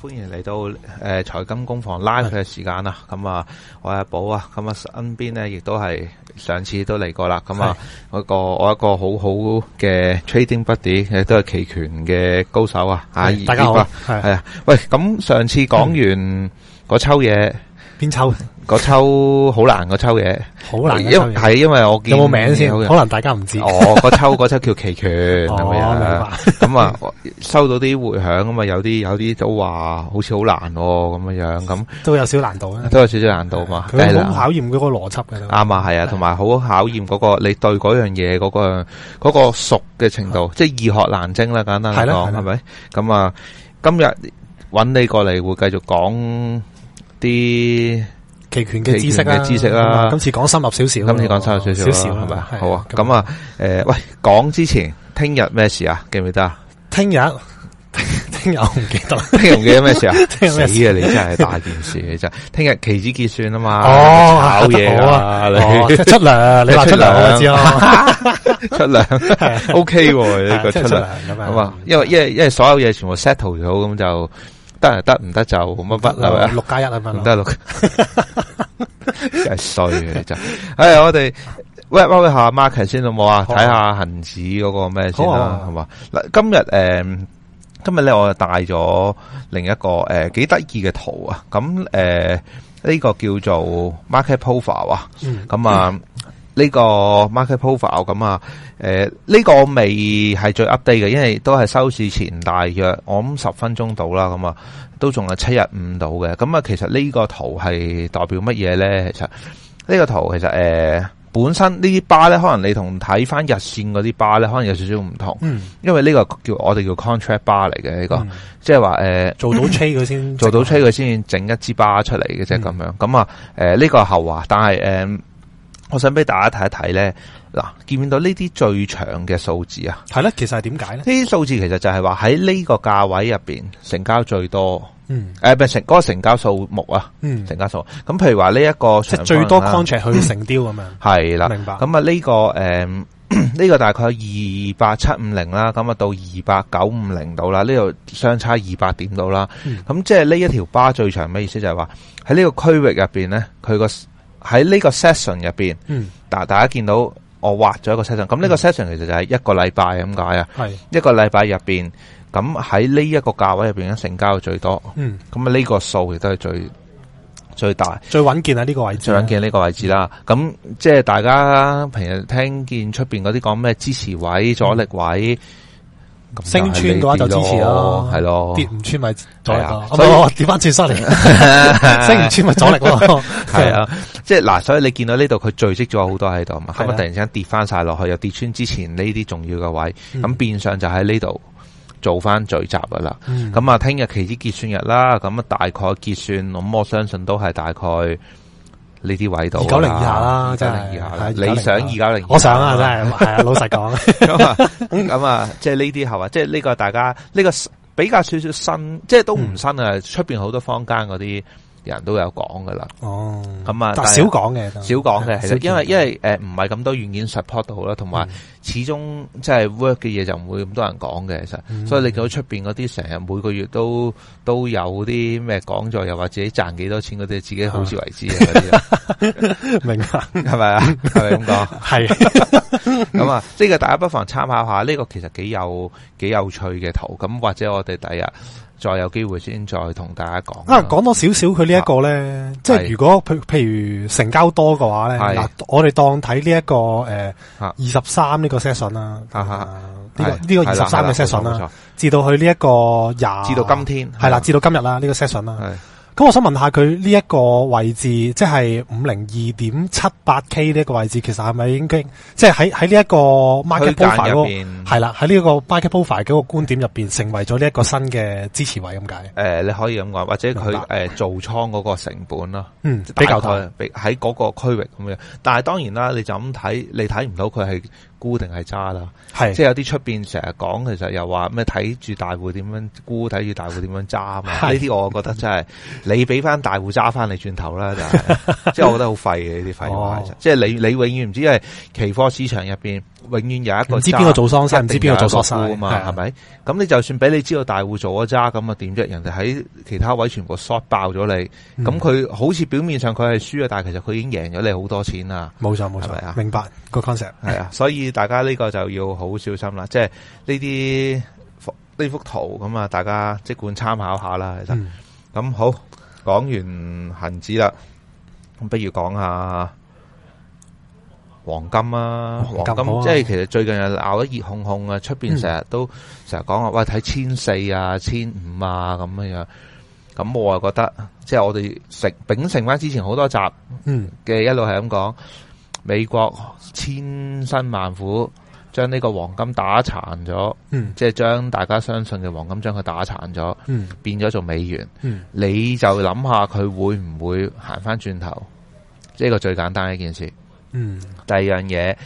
歡迎嚟到誒、呃、財金工房 live 嘅時間啦，啊！咁是的 啊，我係阿寶啊，咁啊身邊咧亦都係上次都嚟過啦。咁啊，我是的 一個我一個好好嘅 trading buddy，都係期權嘅高手啊！的啊，大家好，係啊，的的喂，咁上次講完嗰抽嘢，邊抽？抽好難個抽嘢，好難。因為係因為我見到個名先，可能大家唔知。哦，個抽個抽叫期權咁樣。咁啊，收到啲回響咁啊，有啲有啲都話好似好難咁樣樣。咁都有少難度咧，都有少少難度嘛。佢好考驗嗰個邏輯嘅。啱啊，係啊，同埋好考驗嗰個你對嗰樣嘢嗰個嗰個熟嘅程度，即係易學難精啦，簡單嚟講係咪？咁啊，今日揾你過嚟會繼續講啲期權嘅知識啊，知識啦。今次講深入少少，今次講深入少少，係咪？好啊，咁啊，誒，喂，講之前聽日咩事啊？記唔記得啊？聽日，聽日我唔記得，聽日唔記得咩事啊？聽日，死啊！你真係大件事，你就。聽日期指結算啊嘛，哦，搞嘢啊！你出糧，你出糧我知啦，出糧，OK，呢個出糧咁啊。因為因為因為所有嘢全部 settle 咗，咁就。得得唔得就乜不係咪啊？六加一啊，唔得、嗯、六， 真係衰嘅就。哎，我哋喂，我哋下 market 先看看好冇啊？睇下恒指嗰個咩先啦，係嘛、啊？嗱、嗯，今日誒，今日咧，我就帶咗另一個誒，幾得意嘅圖啊。咁誒，呢個叫做 market profile 啊。嗯，咁、嗯、啊。呢個 market profile 咁、呃、啊，誒、這、呢個未係最 update 嘅，因為都係收市前大約我諗十分鐘到啦，咁啊都仲係七日五度嘅。咁、嗯、啊，其實呢個圖係代表乜嘢咧？其實呢、這個圖其實誒、呃、本身呢啲巴咧，可能你同睇翻日線嗰啲巴咧，可能有少少唔同。嗯、因為呢個叫我哋叫 contract bar 嚟嘅呢個，嗯、即係話誒做到 tray 佢先，做到 tray 佢先整一支巴出嚟嘅啫。咁、嗯、樣咁啊，誒、呃、呢、這個係後話，但係誒。呃我想俾大家睇一睇咧，嗱，見唔見到呢啲最長嘅數字啊？係咧，其實係點解咧？呢啲數字其實就係話喺呢個價位入面成交最多，嗯，誒、呃、成嗰、嗰個成交數目啊，嗯，成交數。咁譬如話呢一個，即係最多 contract 去成雕咁樣，係啦、嗯，的明白。咁啊呢個誒呢、呢個大概二八七五零啦，咁啊到二八九五零度啦，呢度相差二百點度啦。咁、嗯、即係呢一條巴最長咩意思就係話喺呢個區域入面咧，佢個。喺呢個 session 入邊，嗯，大大家見到我畫咗一個 session，咁呢個 session 其實就係一個禮拜咁解啊，係是一個禮拜入邊，咁喺呢一個價位入邊嘅成交嘅最多，嗯，咁啊呢個數亦都係最最大，最穩健啊呢個位置，最穩健呢個位置啦，咁即係大家平日聽見出邊嗰啲講咩支持位、嗯、阻力位。升穿嘅話就支持咯，係咯了，跌唔穿咪阻力咯，跌翻轉失嚟，升唔穿咪阻力咯，係啊， 即係嗱，所以你見到呢度佢聚集咗好多喺度嘛，咁咪、啊、突然之間跌翻晒落去，又跌穿之前呢啲重要嘅位，咁、嗯、變相就喺呢度做翻聚集噶啦，咁啊聽日期指結算日啦，咁啊大概結算，咁我相信都係大概。呢啲位度，二九零以下啦，真係二九零以下啦。下你想二九零，我想啊，真係，係 啊，老實講。咁、 嗯、啊，即係呢啲係嘛，即係呢個大家呢、呢個比較少少新，即、就、係、是、都唔新啊，出邊好多坊間嗰啲。人都有講㗎啦，哦，咁啊，少講嘅，少講嘅，其實，因為因為誒唔係咁多軟件 support 到啦，同埋始終即係 work 嘅嘢就唔會咁多人講嘅，其實，所以你見到出面嗰啲成日每個月都都有啲咩講座，又或者賺幾多錢，嗰啲自己好自為之啲，明白係咪啊？係咪咁講？係咁啊！即係大家不妨參考下，呢個其實幾有幾有趣嘅圖，咁或者我哋第日。再有機會先再同大家講。啊，講多少少佢呢一個咧，即係如果譬譬如成交多嘅話咧，嗱，我哋當睇呢一個誒二十三呢個 session 啦，嚇嚇，呢個呢個二十三嘅 session 啦，至到佢呢一個廿，至到今天，係啦，至到今日啦呢個 session 啦。咁我想問下佢呢一個位置，即係五零二點七八 K 呢一個位置，其實係咪已經即係喺喺呢一個 market profile 係啦，喺呢個 market profile 個觀點入邊，成為咗呢一個新嘅支持位咁解？誒、呃，你可以咁講，或者佢誒白做倉嗰個成本啦，嗯，大比較佢喺嗰個區域咁樣。但係當然啦，你就咁睇，你睇唔到佢係。估定係揸啦，係即係有啲出邊成日講，其實又話咩睇住大戶點樣估，睇住大戶點樣揸啊？呢啲我覺得真係，你俾翻大戶揸翻嚟轉頭啦，就係，即係我覺得好廢嘅呢啲廢話，即係，哦，你你永遠唔知，因為期貨市場入邊。永遠有一個唔知邊個做桑山，唔知邊個做索夫啊嘛，係咪吧？咁的你就算俾你知道大戶做咗渣咁啊點啫？的怎樣人哋喺其他位全部 short 爆咗你，咁佢、嗯、好似表面上佢係輸啊，但係其實佢已經贏咗你好多錢啦。冇錯、嗯，冇錯啊！明白個 concept 係啊，所以大家呢個就要好，好小心啦。即係呢啲呢幅圖咁啊，大家即管參考下啦。其實咁、嗯、好講完恒指啦，不如講下。黃金啊，黃金，啊、即係其實最近又鬧得熱烘烘啊，出邊成日都成日講話，喂，睇千四啊、千五啊咁樣樣。咁我就覺得，即係我哋食秉承翻之前好多集嘅一路係咁講，嗯、美國千辛萬苦將呢個黃金打殘咗，嗯、即係將大家相信嘅黃金將佢打殘咗，嗯、變咗做美元，嗯、你就諗下佢會唔會行翻轉頭，即係個最簡單一件事。嗯，第二樣嘢，誒、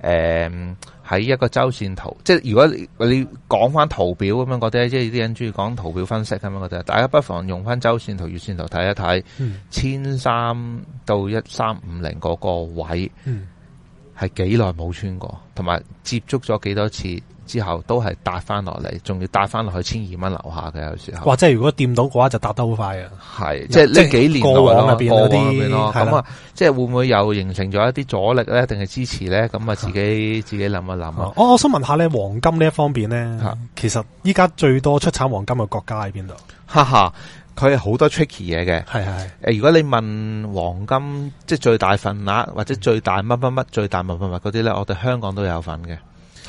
呃，喺一個周線圖，即係如果你講翻圖表咁樣，覺得即係啲人中意講圖表分析咁樣覺得，大家不妨用翻周線圖、月線圖睇一睇，千三、嗯、到一三五零嗰個位，係幾耐冇穿過，同埋接觸咗幾多次。之後都係帶翻落嚟，仲要帶翻落去千二蚊樓下嘅有時候。哇！即係如果掂到嘅話，就搭得好快啊！係，即係呢幾年都咯，個位入邊啲咁啊，即係會唔會又形成咗一啲阻力咧？定係支持咧？咁啊，自己自己諗一諗啊！哦，我想問下咧，黃金呢一方面咧，其實依家最多出產黃金嘅國家喺邊度？哈哈，佢係好多 tricky 嘢嘅，係係誒，如果你問黃金，即係最大份額或者最大乜乜乜、最大乜乜乜嗰啲咧，我哋香港都有份嘅。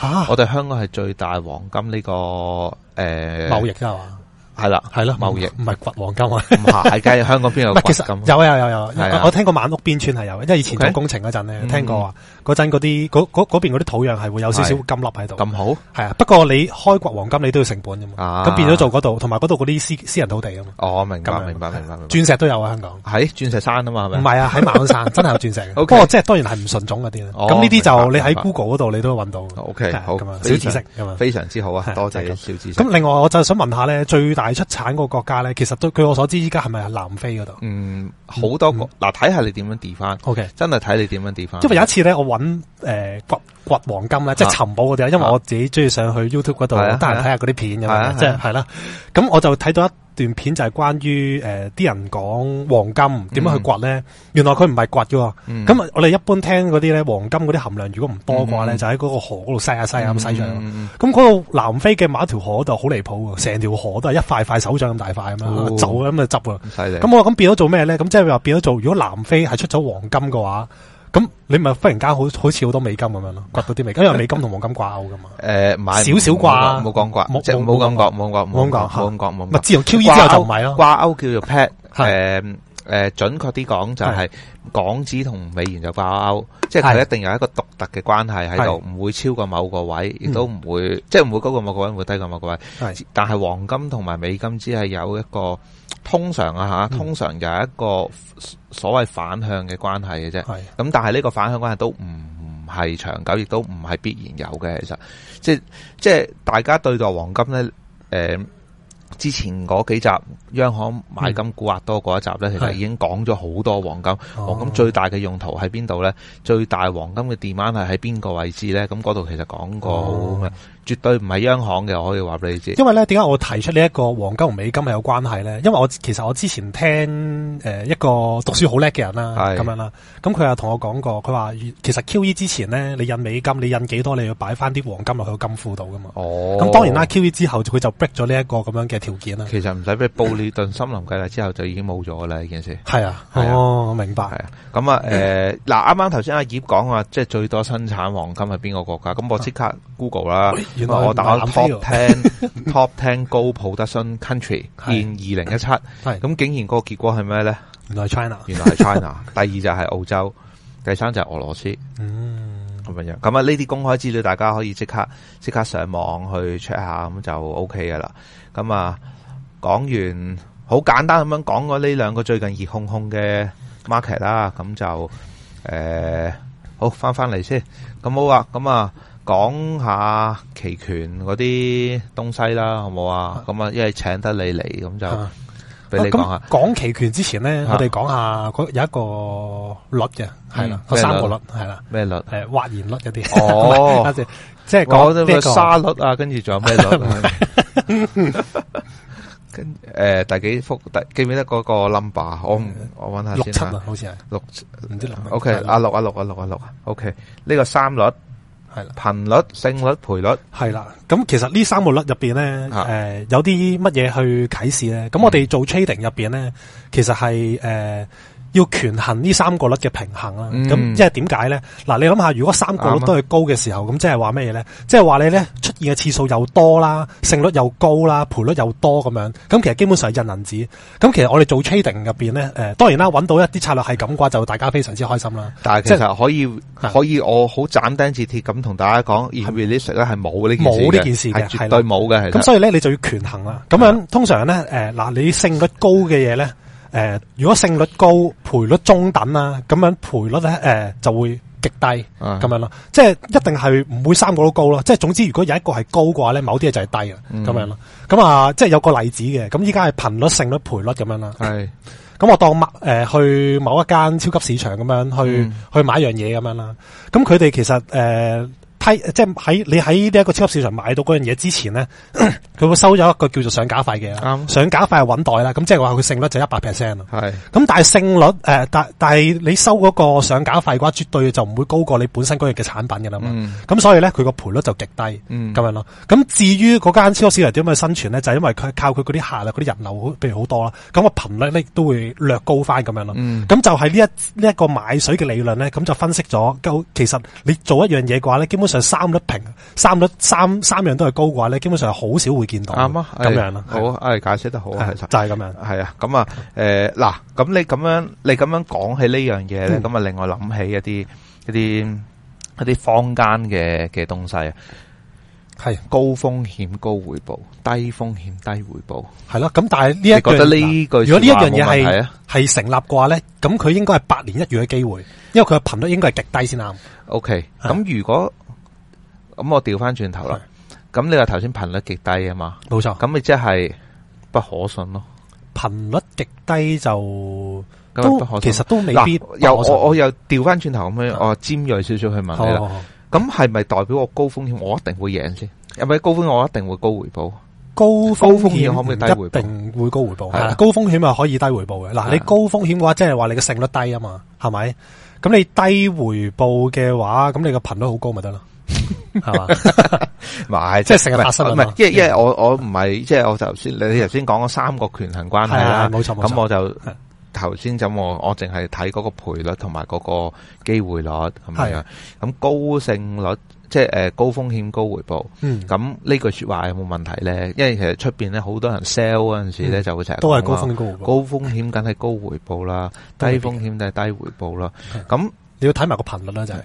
啊、我哋香港係最大黃金呢、呢個誒、呃、貿易啫嘛。係啦，係咯，貿易唔係掘黃金啊，唔係計香港邊有唔係，其實有有有有，我我聽過萬屋邊村係有，因為以前做工程嗰陣咧聽過啊，嗰陣嗰啲嗰嗰嗰邊啲土壤係會有少少金粒喺度，咁好係啊。不過你開掘黃金你都要成本啫嘛，咁變咗做嗰度，同埋嗰度嗰啲私私人土地啊嘛。哦，明白明白明白，鑽石都有啊，香港喺鑽石山啊嘛，唔係啊，喺馬鞍山真係有鑽石，不過即係當然係唔純種嗰啲啦。咁呢啲就你喺 Google 嗰度你都搵到。O K 好，小知識，非常之好啊，多謝小知識。咁另外我就想問下咧，最大出產個國家咧，其實都據我所知，依家係咪南非嗰度？嗯，好多嗱，睇下、嗯啊、你點樣跌翻。OK，真係睇你點樣跌翻。因為有一次咧，我揾誒掘掘黃金咧，啊、即係尋寶嗰啲啦。因為我自己中意上去 YouTube 嗰度，得閒睇下嗰啲片嘅，即係係啦。咁我就睇到一段片就係關於誒啲人講黃金點樣去掘咧，嗯、原來佢唔係掘嘅。咁、嗯、我哋一般聽嗰啲咧，黃金嗰啲含量如果唔多嘅話咧，就喺嗰個河嗰度洗下洗下咁洗上。咁嗰度南非嘅某一條河度好離譜，成條河都係一塊塊手掌咁大塊咁樣，走咁就執嘅，咁我咁變咗做咩咧？咁即係話變咗做，如果南非係出咗黃金嘅話。咁你咪忽然間好好似好多美金咁樣咯，掘到啲美金，因為美金同黃金掛鈎噶嘛。誒，買少少掛，冇講掛，即係冇咁掛，冇講冇掛，冇掛，冇。咪自從 Q E 之後就掛鈎，叫做 pat，誒、呃，準確啲講就係、是、是港紙同美元就掛鈎，即係佢一定有一個獨特嘅關係喺度，唔是會超過某個位，嗯、亦都唔會，即係唔會高過某個位，唔會低過某個位。是但係黃金同埋美金只係有一個通常啊吓，嗯、通常有一個所謂反向嘅關係嘅啫。咁是但係呢個反向關係都唔係長久，亦都唔係必然有嘅。其實，即係即係大家對待黃金呢。誒、呃。之前嗰幾集央行買金沽壓多嗰一集呢，其實已經講咗好多黃金。的黃金最大嘅用途喺邊度呢？哦、最大黃金嘅 demand 係喺邊個位置呢？咁嗰度其實講過。哦絕對唔係央行嘅，我可以話俾你知。因為咧，點解我提出呢一個黃金同美金係有關係咧？因為我其實我之前聽誒、呃、一個讀書好叻嘅人啦，咁是樣啦。咁佢又同我講過，佢話其實 QE 之前咧，你印美金，你印幾多，你要擺翻啲黃金落去金庫度噶嘛。哦。咁、嗯、當然啦，QE 之後佢就 break 咗呢一個咁樣嘅條件啦。其實唔使 break 布里頓森林計啦，之後就已經冇咗噶啦，呢 件事。係啊。我明白。係啊。咁、嗯嗯、啊、誒、呃，嗱，啱啱頭先阿葉講話，即係最多生產黃金係邊個國家？咁我即刻 Google 啦。啊原來我打 Top Ten Top Ten Gold Production Country 喺二零一七，係咁竟然個結果係咩咧？原來係 China，原來係 China。 第二就係澳洲，第三就係俄羅斯。嗯，咁樣樣咁啊，呢啲公開資料大家可以即刻即刻上網去 check 下，咁就 OK 噶啦。咁啊，講完好簡單咁樣講過呢兩個最近熱烘烘嘅 market 啦，咁就誒，好翻翻嚟先。咁好啊，咁啊。講下期權嗰啲東西啦，好冇啊？咁啊，因為請得你嚟，咁就俾你講下。講期權之前咧，我哋講下有一個率嘅，係啦，三個率係啦，咩率？誒，挖岩率有啲哦，即係講咗咩沙律啊，跟住仲有咩率？跟誒，第幾幅？記唔記得嗰個 number？我唔，我搵下先六七啊，好似係六唔知六。O K，阿六阿六阿六阿六。O K，呢個三率。係啦，頻率、勝率、賠率，係啦。咁其實呢三個率入邊咧，誒的、呃，有啲乜嘢去啟示咧？咁我哋做 trading 入邊咧，其實係誒。呃要權衡呢三個率嘅平衡啦，咁即係點解咧？嗱，你諗下，如果三個率都係高嘅時候，咁即係話咩嘢咧？即係話你咧出現嘅次數又多啦，勝率又高啦，賠率又多咁樣，咁其實基本上係印銀紙。咁其實我哋做 trading 入邊咧，誒，當然啦，揾到一啲策略係咁嘅話，就大家非常之開心啦。但係其實可以，即可以的我好斬釘截鐵咁同大家講，而 release 係冇呢，冇呢件事嘅，係絕對冇嘅。咁所以咧，你就要權衡啦。咁樣的通常咧，誒，嗱，你勝率高嘅嘢咧。誒、呃，如果勝率高，賠率中等啦，咁樣賠率咧，誒、呃、就會極低，咁、啊、樣咯，即係一定係唔會三個都高咯，即係總之如果有一個係高嘅話咧，某啲嘢就係低嘅，咁、嗯、樣咯。咁啊，即係有個例子嘅，咁依家係頻率、勝率、賠率咁樣啦。係，咁我當誒、呃、去某一間超級市場咁樣去、嗯、去買一樣嘢咁樣啦。咁佢哋其實誒。呃即係喺你喺呢一個超級市場買到嗰樣嘢之前咧，佢會收咗一個叫做上架費嘅，吧上架費係穩袋啦。咁即係話佢勝率就一百 percent 係咁，但係勝率誒，但但係你收嗰個上架費嘅話，絕對就唔會高過你本身嗰樣嘅產品嘅啦嘛。咁、嗯、所以咧，佢個賠率就極低。咁、嗯、樣咯。咁至於嗰間超級市場點樣去生存咧，就係，因為佢靠佢嗰啲客嗰啲人流，譬如好多啦。咁個頻率咧都會略高翻咁樣咯。咁、嗯、就係呢一呢一、這個買水嘅理論咧，咁就分析咗。其實你做一樣嘢嘅話咧，基本。就三粒平，三粒三三樣都係高嘅話咧，基本上好少會見到，啱啊？吧，咁樣啦。好，誒，解釋得好對就係、是、咁樣，係啊。咁啊，誒、呃，嗱，咁你咁樣，你咁樣講起呢樣嘢咧，咁啊、嗯，令我諗起一啲一啲一啲坊間嘅嘅東西啊，係對高風險高回報，低風險低回報，係啦。咁但係呢一句得呢句如果呢一樣嘢係係成立嘅話咧，咁佢應該係八年一遇嘅機會，因為佢嘅頻率應該係極低先啱。OK，咁如果。咁我調翻轉頭啦，咁你話頭先頻率極低啊嘛，冇錯錯，咁咪即係不可信咯？頻率極低就都，都可信，其實都未必又我我又調翻轉頭咁樣，的我尖銳少少去問你啦。咁係咪代表我高風險？我一定會贏先？係咪高風險我一定會高回報？高風險，高風險可唔可以低回報？唔一定會高回報。的高風險啊可以低回報嘅嗱。的你高風險嘅話，即係話你嘅勝率低啊嘛，係咪？咁你低回報嘅話，咁你個頻率好高咪得啦。係嘛？唔係，即係成日發生，唔係，因為因為我我唔係，即係我頭先你你頭先講咗三個權衡關係啦，冇錯，冇錯，咁我就頭先咁，我我淨係睇嗰個賠率同埋嗰個機會率咁樣。咁高性率即係誒高風險高回報。咁呢句說話有冇問題咧？因為其實出邊咧好多人 sell 嗰陣時咧就會成日都係高風險、高回報。高風險梗係高回報啦，低風險就係低回報啦。咁。你要睇埋、呃個頻率啦，就係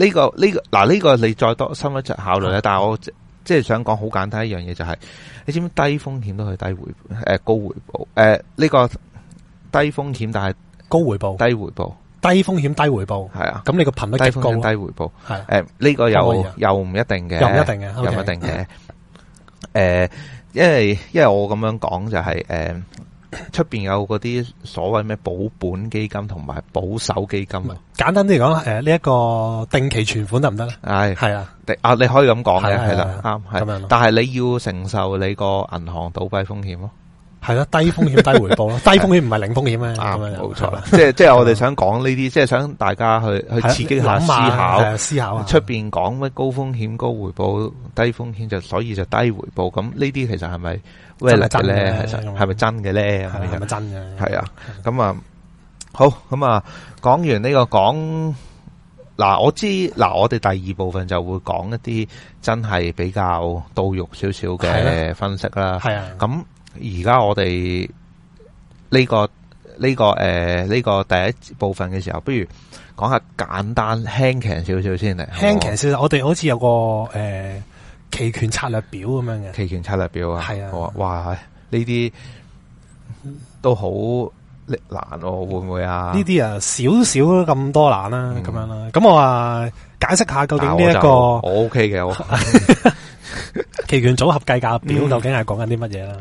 誒呢個呢個嗱呢個你再多深一就考慮啦，但係我即係想講好簡單一樣嘢就係、是，你知唔知低風險都可以低回誒、呃、高回報誒呢、呃這個低風險但係高回報低回報低風險低回報係啊，咁你個頻率低風高低回報係誒呢個又、啊、又唔一定嘅，又唔一定嘅，okay 又唔一定嘅誒、呃，因為因為我咁樣講就係、是、誒。呃出邊有嗰啲所謂咩保本基金同埋保守基金啊？簡單啲嚟講，誒呢一個定期存款得唔得咧？係係啊，啊你可以咁講嘅，係啦，啱，係咁樣。但係你要承受你個銀行倒閉風險咯。係咯，低風險低回報咯，低風險唔係零風險咩，冇錯啦。即係即係我哋想講呢啲，即係想大家去去刺激下思考，思考。出邊講乜高風險高回報，低風險就所以就低回報。咁呢啲其實係咪？係咪真嘅咧，係實咪真嘅咧？係咪真嘅？係啊，咁啊的，好咁啊，講完呢、這個講，嗱我知，嗱我哋第二部分就會講一啲真係比較到肉少少嘅分析啦。係啊，咁而家我哋呢、這個呢、這個誒呢、呃這個第一部分嘅時候，不如講下簡單輕強少少先嚟。輕強。少少，我哋好似有個誒。呃期權策略表咁樣嘅，期權策略表啊，係啊，哇，呢啲都好難喎、啊，會唔會啊？呢啲啊，少少咁多難啦、啊、咁、嗯、樣啦、啊。咁我啊，解釋下究竟呢一、這個我 OK 嘅，期權組合計價表究竟係講緊啲乜嘢啦、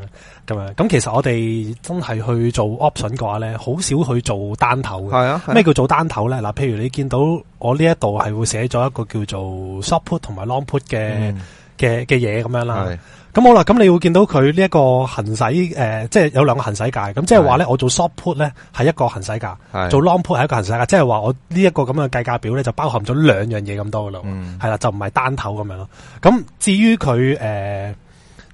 咁、嗯、樣咁、啊，其實我哋真係去做 option 嘅話咧，好少去做單頭嘅。係啊，咩、啊、叫做單頭咧？嗱、啊，譬如你見到我呢一度係會寫咗一個叫做 short put 同埋 long put 嘅、嗯。嘅嘅嘢咁樣啦，咁是好啦，咁你會見到佢、呃、呢是一個行使誒，即係有兩個行使價，咁即係話咧，我做 short put 咧係一個行使價，做 long put 係一個行使價，即係話我呢一個咁嘅計價表咧就包含咗兩樣嘢咁多噶咯，係啦、嗯，就唔係單頭咁樣咯。咁至於佢誒。呃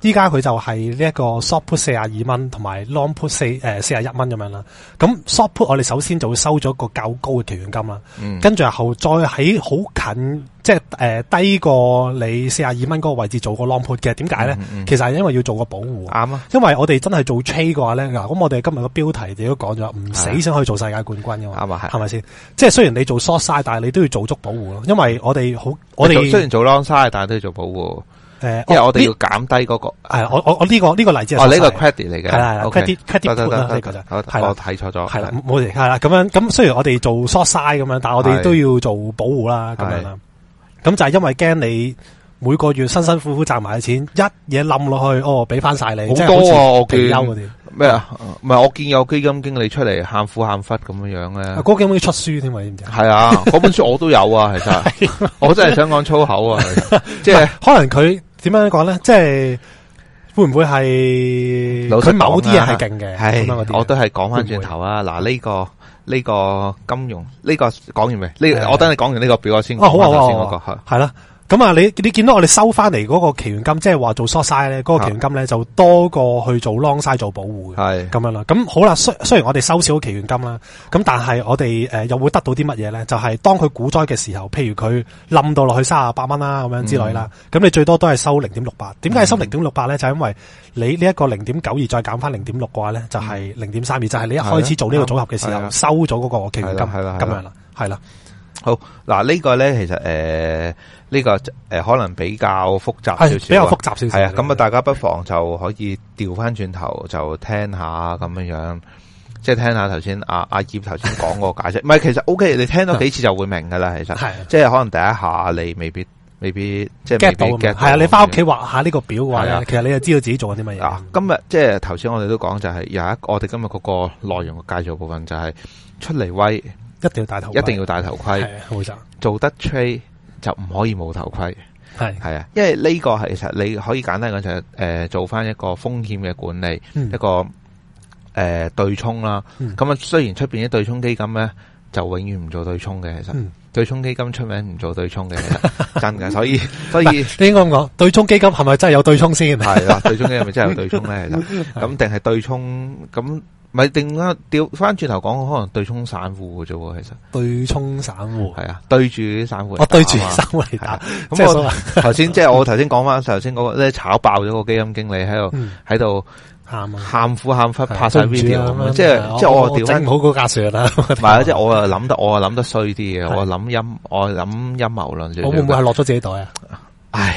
依家佢就係呢一個 short put 四十二蚊，同埋 long put 四誒四十一蚊咁樣啦。咁 short put 我哋首先就會收咗個較高嘅期權金啦。跟住、嗯、後再喺好近即係誒低過你四十二蚊嗰個位置做個 long put 嘅。點解咧？嗯、其實係因為要做個保護。啱啊，因為我哋真係做 trade 嘅話咧，嗱，咁我哋今日個標題亦都講咗，唔死先可以做世界冠軍噶嘛。啱係咪先？啊、吧即係雖然你做 short side，但係你都要做足保護咯。因為我哋好，做我哋們雖然做 long side，但係都要做保護。因為我哋要減低嗰個係，我我我呢個呢個例子哦，呢個 credit 嚟嘅，係係 credit，我睇錯咗係啦，冇事係啦，咁樣咁雖然我哋做 short side 咁樣，但係我哋都要做保護啦，咁樣咁就係因為驚你每個月辛辛苦苦賺埋嘅錢一嘢，冧落去，哦，俾翻晒你好多啊！我見咩啊？唔係我見有基金經理出嚟喊苦喊忽咁樣樣咧，嗰個基金經理出書添，係啊，嗰本書我都有啊，其實我真係想講粗口啊，即係可能佢。點樣講咧？即係會唔會係佢某啲嘢係勁嘅？咁樣嗰啲，我都係講翻轉頭啊！嗱，呢個呢、呢個金融呢、呢個講完未？呢的我等你講完呢個表我先、啊，好哦先、嗰個係係啦。咁啊，你你見到我哋收翻嚟嗰個期權金，即係話做 short side 咧，嗰個期權金咧是的 就多過去做 long side 做保護嘅，係咁是的 樣啦。咁好啦，雖雖然我哋收少期權金啦，咁但係我哋誒、呃、又會得到啲乜嘢咧？就係、是、當佢股災嘅時候，譬如佢冧到落去三啊八蚊啦，咁樣之類啦，咁、嗯、你最多都係收零點六八。點解收零點六八咧？就因為你呢一個零點九二再減翻零點六嘅話咧，就係零點三二。就係你一開始做呢個組合嘅時候收咗嗰個期權金，咁樣啦，係啦的。好嗱，這個、呢個咧其實誒。呃呢個誒，可能比較複雜少少。比較複雜少少。係啊，咁啊，大家不妨就可以調翻轉頭就聽下咁樣樣，即係聽下頭先阿阿葉頭先講個解釋。唔係，其實 OK，你聽多幾次就會明噶啦。其實係，即係可能第一下你未必未必即係 get 到。係啊，你翻屋企畫下呢個表嘅話，其實你就知道自己做緊啲乜嘢。今日即係頭先我哋都講就係有一我哋今日嗰個內容嘅介紹部分就係出嚟威，一定要戴頭，一定要戴頭盔，做得 trade 就唔可以冇頭盔，係係啊，因為呢個係其實你可以簡單講就係誒做翻一個風險嘅管理，嗯、一個誒、呃、對沖啦。咁啊、嗯，雖然出邊啲對沖基金咧就永遠唔做對沖嘅，其實、嗯、對沖基金出名唔做對沖嘅，嗯、真㗎。所以 所以，所以你應該咁講，對沖基金係咪真係有對沖先？係啦，對沖基金係咪真係有對沖咧？ 其實咁定係對沖咁？咪定啦，調翻轉頭講，可能對沖散戶嘅啫，其實對沖散戶係啊，對住啲散戶，我對住散戶嚟打。咁我頭先即係我頭先講翻頭先嗰個咧炒爆咗個基金經理喺度喺度喊，喊苦喊翻，拍晒 video，即係即係我整唔好嗰啦。係啊，即係我啊諗得我啊諗得衰啲嘅，我諗陰我諗陰謀論。我會唔會係落咗自己袋啊？唉。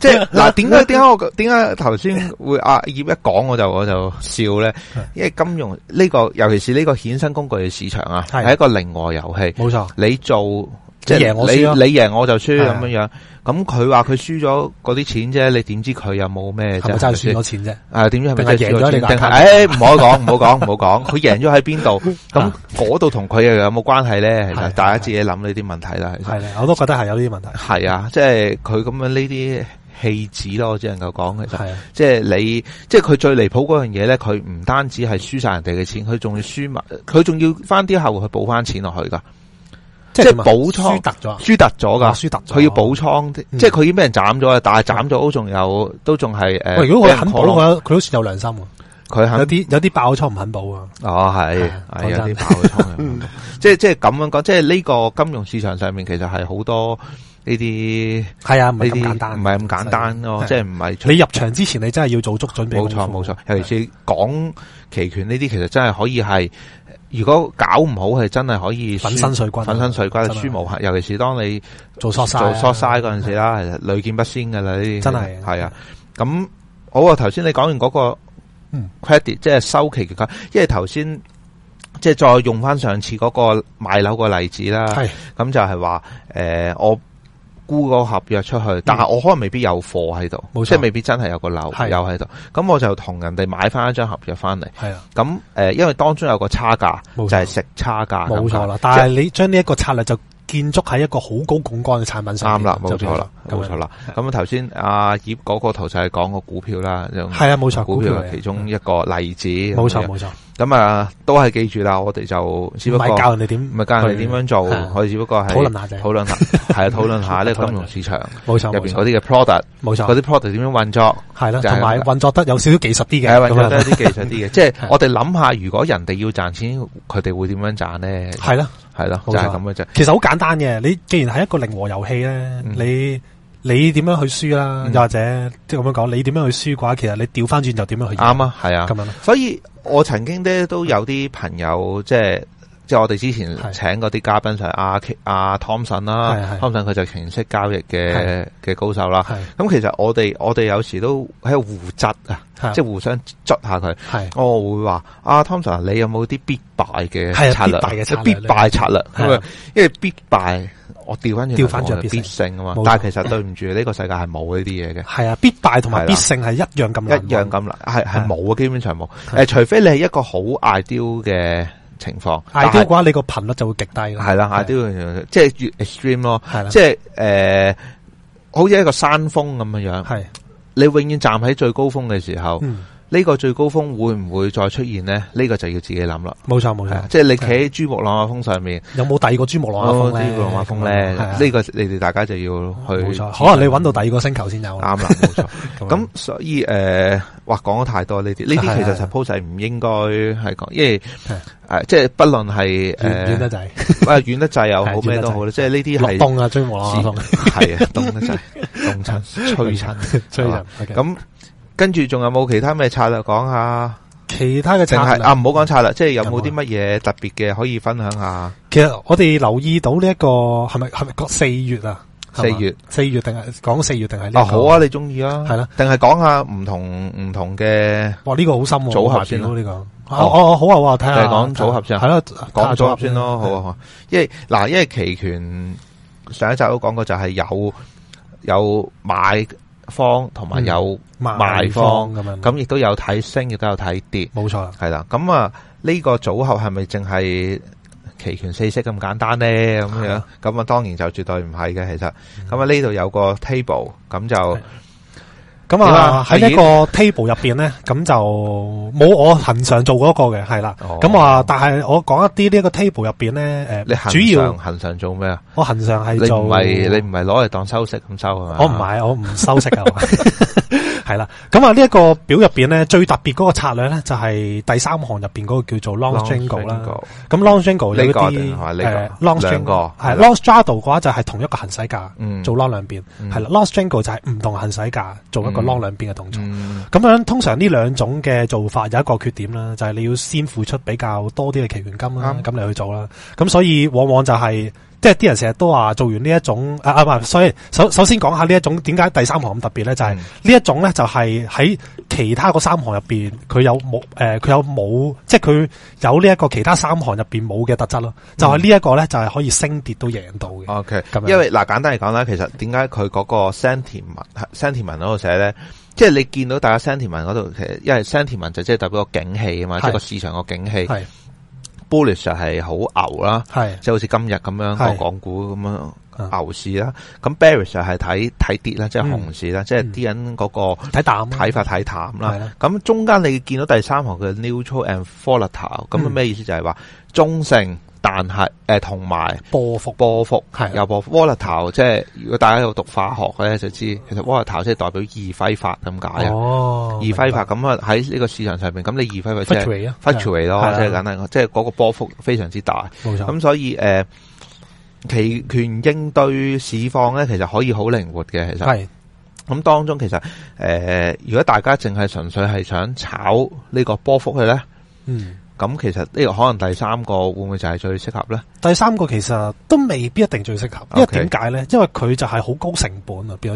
即係嗱，點解點解我點解頭先會阿葉一講我就我就笑咧？因為金融呢個尤其是呢個衍生工具嘅市場啊，係一個零和遊戲。冇錯，你做即係贏我輸咯，你贏我就輸咁樣樣。咁佢話佢輸咗嗰啲錢啫，你點知佢有冇咩？就咪輸咗錢啫？點知？並係贏咗你，定係誒？唔好講，唔好講，唔好講。佢贏咗喺邊度？咁嗰度同佢又有冇關係咧？係咪？大家自己諗呢啲問題啦。係啦，我都覺得係有呢啲問題。係啊，即係佢咁樣呢啲。棄子咯，我只能夠講其實，即係你，即係佢最離譜嗰樣嘢咧，佢唔單止係輸晒人哋嘅錢，佢仲要輸埋，佢仲要翻啲客戶去補翻錢落去噶，即係補倉，輸突咗，輸突咗噶，輸突，佢要補倉，即係佢已經俾人斬咗啊！但係斬咗都仲有，都仲係誒。如果佢肯補佢都算有良心。佢肯有啲有啲爆倉唔肯補啊。哦，係係有啲爆倉即係即係咁樣講，即係呢個金融市場上面其實係好多。呢啲係啊，唔係咁簡單，唔係咁簡單咯，即係唔係。你入場之前，你真係要做足準備。冇錯，冇錯。尤其是講期權呢啲，其實真係可以係，如果搞唔好，係真係可以粉身碎骨，粉身碎骨嘅輸無限。尤其是當你做錯、做晒嗰陣時啦，係屢見不鮮噶啦呢啲。真係係啊。咁好啊，頭先你講完嗰個 credit，即係收期嘅。因為頭先即係再用翻上次嗰個買樓個例子啦。係咁就係話誒，我。沽個合約出去，但係我可能未必有貨喺度，錯即係未必真係有個樓有喺度。咁的我就同人哋買翻一張合約翻嚟。咁誒的、呃，因為當中有個差價，錯就係食差價。冇錯啦，但係你將呢一個策略就。建築喺一個好高槓桿嘅產品上，啱啦，冇錯啦，冇錯啦。咁啊，頭先阿葉嗰個圖就係講個股票啦，就係啊，冇錯，股票係其中一個例子。冇錯，冇錯。咁啊，都係記住啦，我哋就只不過教人哋點，唔係教人哋點樣做，我哋只不過係討論下啫，討論下，係啊，討論下呢金融市場，冇錯，入邊嗰啲嘅 product，冇錯，嗰啲 product 點樣運作，係啦，同埋運作得有少少技術啲嘅，運作得有啲技術啲嘅，即係我哋諗下，如果人哋要賺錢，佢哋會點樣賺咧？係啦。係啦，冇錯，就係咁嘅啫。其實好簡單嘅，你既然係一個零和遊戲咧，你你點樣去輸啦，啊？又、嗯、或者即係咁樣講，你點樣去輸嘅話，其實你調返轉就點樣去贏。啱啊，係啊，咁樣。所以我曾經咧都有啲朋友即係。就是即係我哋之前請嗰啲嘉賓就係阿阿 Tomson 啦，Tomson 佢就程式交易嘅嘅高手啦。咁其實我哋我哋有時都喺度互質啊，即係互相捽下佢。係我會話阿 Tomson 你有冇啲必敗嘅策略？必敗策略，必敗策略因為必敗，我調翻調翻轉就必勝啊嘛。但係其實對唔住，呢個世界係冇呢啲嘢嘅。係啊，必敗同埋必勝係一樣咁樣，一樣咁啦，係係冇啊，基本上冇。誒，除非你係一個好 ideal 嘅。情況矮啲嘅話，你個頻率就會極低㗎。係啦的，矮啲的，即係越 extreme 咯的。係啦，即係誒，好似一個山峰咁樣樣。係的，你永遠站喺最高峰嘅時候。嗯呢個最高峰會唔會再出現呢？呢個就要自己諗啦。冇錯，冇錯，即係你企喺珠穆朗瑪峰上面，有冇第二個珠穆朗瑪峰咧？珠穆朗瑪峰咧，呢個你哋大家就要去。冇錯，可能你揾到第二個星球先有。啱啦，冇錯。咁所以誒，哇，講得太多呢啲，呢啲其實係 suppose 唔應該係講，因為誒，即係不論係遠得滯，啊，遠得滯又好，咩都好，即係呢啲係凍啊，珠穆朗瑪峰啊，凍得滯，凍親吹親吹咁。跟住仲有冇其他咩策略講下？其他嘅策略啊，唔好講策略，即係有冇啲乜嘢特別嘅可以分享下？其實我哋留意到呢、這、一個係咪係咪四月啊？四月四月定係講四月定係？啊好啊，你中意啊，係啦、啊。定係講下唔同唔同嘅？哇，呢個好深組合先咯，呢個哦哦好啊，睇下講組合先係啦講組合先咯，好啊，因為嗱、啊，因為期權上一集都講過就有，就係有有買。方同埋有賣方咁、嗯、樣，咁亦都有睇升，亦都有睇跌，冇錯錯。係啦，咁啊，呢個組合係咪淨係期權四式咁簡單呢？咁的樣，咁啊，當然就絕對唔係嘅。其實，咁啊、嗯，呢度有個 table，咁就。咁啊，喺呢個 table 入邊咧，咁、啊、就冇我恒常做嗰個嘅，係啦。咁、哦、啊，但係我講一啲呢個 table 入邊咧，誒，你主要恒常做咩啊？我恒常係做，你唔係你唔係攞嚟當收息咁收係嘛？我唔係，我唔收息噶。係啦，咁啊呢一個表入邊咧，最特別嗰個策略咧就係、是、第三行入邊嗰個叫做 Long Strangle 啦。咁 Long Strangle 呢啲係 Long Strangle 係 Long Straddle 嘅話就係同一個行使價、嗯、做 long 兩邊，係啦。Long Strangle 就係唔同行使價做一個 long 兩邊嘅動作。咁、嗯、樣，通常呢兩種嘅做法有一個缺點啦，就係、是、你要先付出比較多啲嘅期權金啦，咁、嗯、你去做啦。咁、嗯、所以往往就係、是。即係啲人成日都話做完呢一種啊，啊所以首首先講下呢一種點解第三行咁特別咧？就係、是、呢一種咧，就係、是、喺其他嗰三行入邊，佢有冇誒，佢、呃、有冇即係佢有呢一、就是、個其他三行入邊冇嘅特質咯？就係、是、呢一個咧，就係、是、可以升跌都贏到嘅。O Okay , K，樣因為嗱、呃、簡單嚟講啦，其實點解佢嗰個 sentiment, sentiment sentiment 嗰度寫咧？即、就、係、是、你見到大家 sentiment 嗰度，其實因為 sentiment 就即係代表個景氣啊嘛，即係是個市場個景氣係。Bullish 係好牛啦，即係好似今日咁樣個港股咁樣牛市啦。咁 bearish 係睇睇跌啦，即係熊市啦，即係啲人嗰個睇淡睇、啊、法睇淡啦。咁的中間你見到第三行嘅 neutral and volatile，咁咩、嗯、意思就係話中性。但係，誒、呃，同埋波，波幅，波幅係有波 volatility 即係如果大家有讀化學咧，就知其實 volatility 即係代表易揮發。咁解啊。哦，易揮發咁啊，喺呢白個市場上邊，咁你易揮發，即係 frequent 咯，即係簡單，的即係嗰個波幅非常之大。冇錯的。咁所以，誒、呃，期權應對市況咧，其實可以好靈活嘅。其實係。咁的當中其實，誒、呃，如果大家淨係純粹係想炒呢個波幅嘅咧，嗯。咁其實呢個可能第三個會唔會就係最適合咧？第三個其實都未必一定最適合，Okay. 因為點解咧？因為佢就係好高成本啊，比較。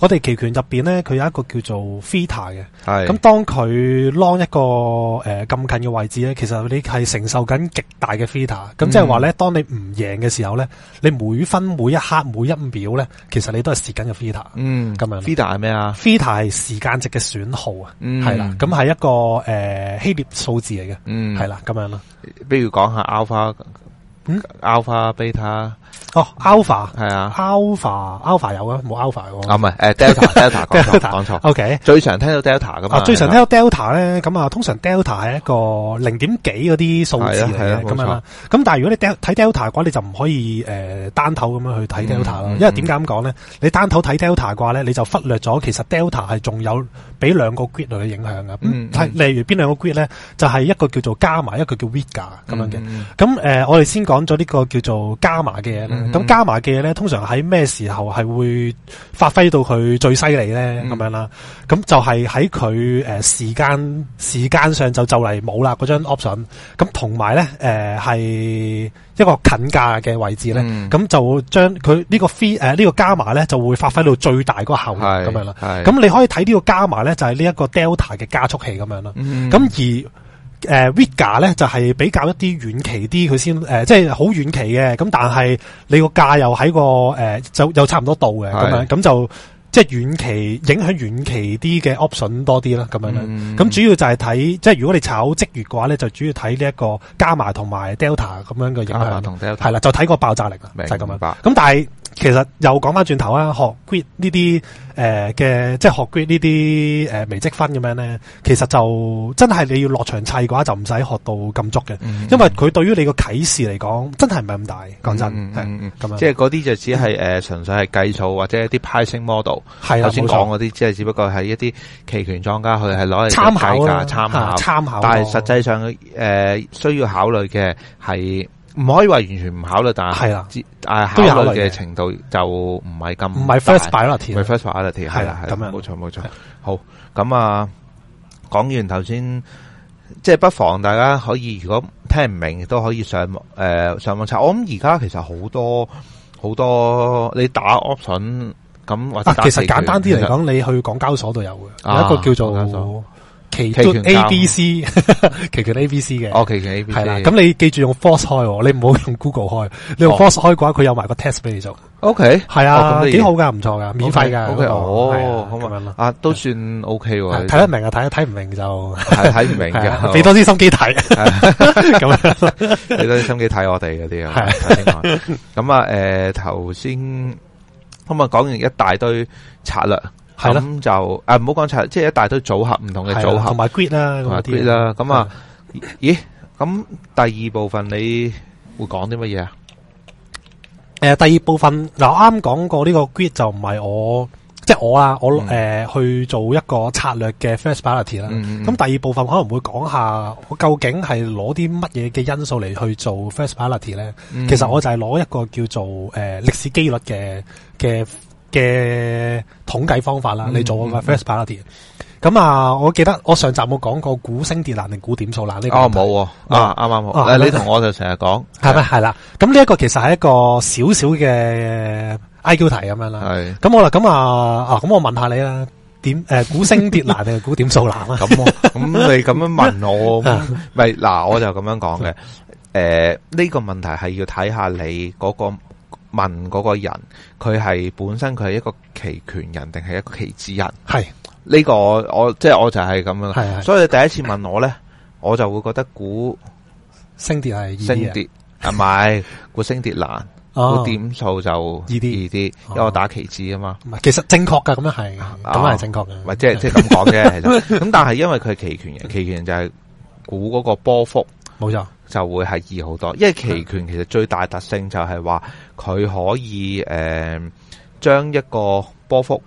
我哋期權入面咧，佢有一個叫做 theta 嘅，咁是當佢 long 一個咁、呃、近嘅位置咧，其實你係承受緊極大嘅 theta，咁即係話咧，當你唔贏嘅時候咧，你每分每一刻每一秒咧，其實你都係蝕緊嘅 theta，嗯，咁樣。theta 係咩啊？theta 係時間值嘅損耗啊。係、嗯、啦，咁係一個誒、呃、希臘數字嚟嘅。嗯，係啦，咁樣咯。比如講下 Alpha。嗯。Alpha、beta。哦，alpha 係啊，alpha，alpha 有啊，冇 alpha 喎。啊唔係，誒，delta，delta 講錯，講錯。O K，最常聽到 delta 㗎嘛。最常聽到 delta 咧，咁啊，通常 delta 係一個零點幾嗰啲數字嚟嘅，係咁啊。咁但係如果你睇 delta 嘅話，你就唔可以誒單頭咁樣去睇 delta 咯。因為點解咁講咧？你單頭睇 delta 嘅話咧，你就忽略咗其實 delta 係仲有俾兩個 grid 嚟嘅影響嘅。例如邊兩個 grid 咧，就係一個叫做加碼，一個叫 vega 咁樣嘅。咁誒，我哋先講咗呢個叫做加碼嘅咁、mm hmm. 加碼嘅咧，通常喺咩時候係會發揮到佢最犀利咧？咁樣啦，咁、hmm. 就係喺佢誒時間時間上就就嚟冇啦嗰張 option，咁同埋咧誒係一個近價嘅位置咧，咁、mm hmm. 就將佢呢個 fee 誒呢個加碼咧就會發揮到最大嗰個效果咁樣啦。咁你可以睇呢個加碼咧，就係呢一個 delta 嘅加速器咁樣啦。咁、mm hmm. 而。誒、呃、Vega 咧就係、是、比較一啲遠期啲，佢先誒，即係好遠期嘅。咁但係你價個價又喺個誒，就又差唔多到嘅咁樣，咁是的 就即係、就是、遠期影響遠期啲嘅 option 多啲啦，咁、嗯、樣咁主要就係睇，即係如果你炒即月嘅話咧，就主要睇呢一個 Gamma 同埋 Delta 咁樣嘅影響，係啦，就睇個爆炸力啊，明白 就係咁樣爆。咁但係。其實又講翻轉頭啊，學 grid 呢啲誒嘅，即係學 grid 呢啲誒微積分咁樣咧，其實就真係你要落場砌嘅話，就唔使學到咁足嘅，嗯嗯，因為佢對於你個啟示嚟講，真係唔係咁大。講真，咁即係嗰啲就只係誒純粹係計數或者一啲 pricing model，頭先講嗰啲，即係錯只不過係一啲期權莊家佢係攞嚟參考參考參考。考但係實際上誒、呃、需要考慮嘅係。唔可以話完全唔考慮，但係，係啦，都有考慮嘅程度就唔係咁，唔係 first buy 咯，first buy 咯，係啦，係啦，咁樣，冇錯冇錯，是的 好，咁啊，講完頭先，即係不妨大家可以如果聽唔明，都可以上網，誒、呃，上網查。我諗而家其實好多好多，你打 option 咁或者打、啊，其實簡單啲嚟講，實你去港交所都有嘅，啊、有一個叫做。期權 A B C，期權 A B C 嘅，哦，期權 A B C，係啦，咁你記住用 Force 開，你唔好用 Google 開，你用 Force 開嘅話，佢有埋個 test 俾你做，O K，係啊，幾好噶，唔錯噶，免費噶，O K，哦，咁樣啊，都算 O K 嘅，睇得明啊，睇睇唔明就睇唔明嘅，俾多啲心機睇，咁啊，俾多啲心機睇我哋嗰啲啊，咁啊，誒，頭先咁啊，講完一大堆策略。係啦，就誒唔好講，即係一大堆組合，唔同嘅組合，同埋 grid 啦，同埋 grid 啦，咁些啊，的咦？咁第二部分你會講啲乜嘢啊？誒、呃，第二部分嗱，啱、呃、講過呢個 grid 就唔係我，即係我啊，嗯、我誒、呃、去做一個策略嘅 first priority 啦。咁第二部分可能會講下，我究竟係攞啲乜嘢嘅因素嚟去做 first priority 咧？嗯、其實我就係攞一個叫做誒歷、呃、史幾率嘅嘅嘅。統計方法啦，你做個 first party。咁啊，我記得我上集冇講過估升跌難定估點數難呢個問題。哦，冇啊，啱啱好你同我就成日講，係咪係啦？咁呢一個其實係一個少少嘅 I Q 題咁樣啦。係咁好啦，咁啊啊，咁我問下你啦，點誒估升跌難定估點數難啦，咁咁你咁樣問我，咪嗱我就咁樣講嘅。誒，呢個問題係要睇下你嗰個。問嗰個人，佢係本身佢係一個期權人，定係一個期指人？係呢個我即係我就係咁樣。所以第一次問我咧，我就會覺得估升跌係升跌，係咪？估升跌難，估點數就易啲。易啲，因為我打期指啊嘛。其實正確噶，咁樣係，咁係正確嘅。或者即係咁講嘅，其實咁但係因為佢係期權人，期權人就係估嗰個波幅冇錯。就會係易好多，因為期權其實最大特性就係話佢可以誒，將、呃、一個波幅，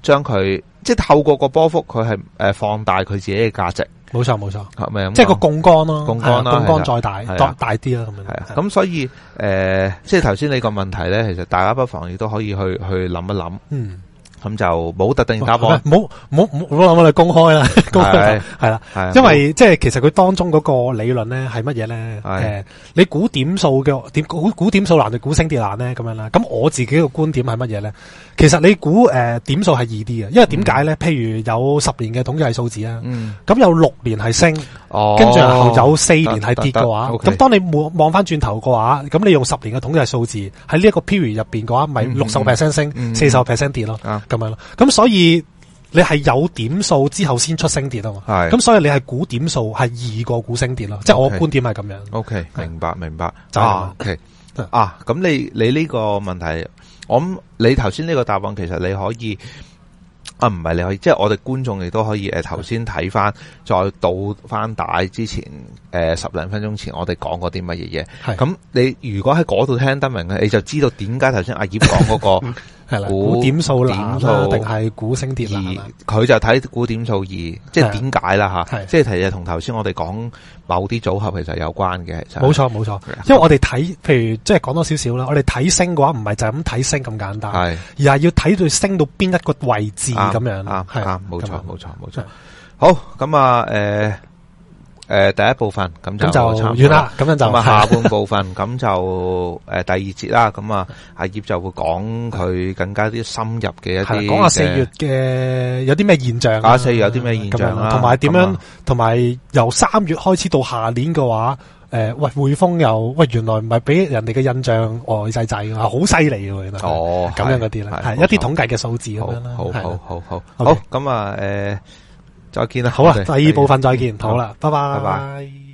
將佢、嗯、即係透過個波幅，佢係誒放大佢自己嘅價值。冇錯冇錯，係咪咁？即係個槓桿咯，槓桿槓桿再大，大啲啦。係啊，咁所以誒、呃，即係頭先你個問題咧，其實大家不妨亦都可以去去諗一諗。嗯。咁就冇特定答案，冇冇冇冇諗，我哋公開啦，公開，係係啦，因為即係其實佢當中嗰個理論咧係乜嘢咧？誒，你估點數嘅點估估點數難定估升跌難咧咁樣啦。咁我自己嘅觀點係乜嘢咧？其實你估誒點數係易啲嘅，因為點解咧？譬如有十年嘅統計數字啊，咁有六年係升。哦，跟住後有四年係跌嘅話，咁當你望望翻轉頭嘅話，咁你用十年嘅統計數字喺呢一個 period 入邊嘅話，咪六十 percent 升，四十 percent 跌咯，咁樣咯。咁所以你係有點數之後先出升跌啊嘛，係。咁所以你係估點數係二個估升跌咯，即係我觀點係咁樣。O K，明白明白。啊，O K，啊，咁你你呢個問題，我諗你頭先呢個答案，其實你可以。啊，唔係你可以，即係我哋觀眾亦都可以誒，頭先睇翻，再倒翻帶之前，誒、啊、十零分鐘前我講，我哋講過啲乜嘢嘢。咁你如果喺嗰度聽得明嘅，你就知道點解頭先阿葉講嗰個。 係啦，估點數點數啦，定係估升跌啦。佢就睇估點數二，數二是的 即係點解啦吓？是的 即係其實同頭先我哋講某啲組合其實有關嘅，冇錯冇錯。因為我哋睇，譬如即係講多少少啦，我哋睇升嘅話，唔係就咁睇升咁簡單，係是的 而係要睇佢升到邊一個位置咁樣。係啊，冇錯冇錯冇錯。是的 好，咁啊，誒、呃。誒，第一部分咁就完啦，咁樣就下半部分咁就誒第二節啦，咁啊阿葉就會講佢更加啲深入嘅一啲，講下四月嘅有啲咩現象啊，四月有啲咩現象啦，同埋點樣，同埋由三月開始到下年嘅話，誒喂，匯豐又喂，原來唔係俾人哋嘅印象呆滯滯噶嘛，好犀利噶，原來，哦，咁樣嗰啲咧，係一啲統計嘅數字咁樣啦，好好好好好，咁啊誒。再見啦，好啦了，第二部分再見，好啦了，拜拜。拜拜。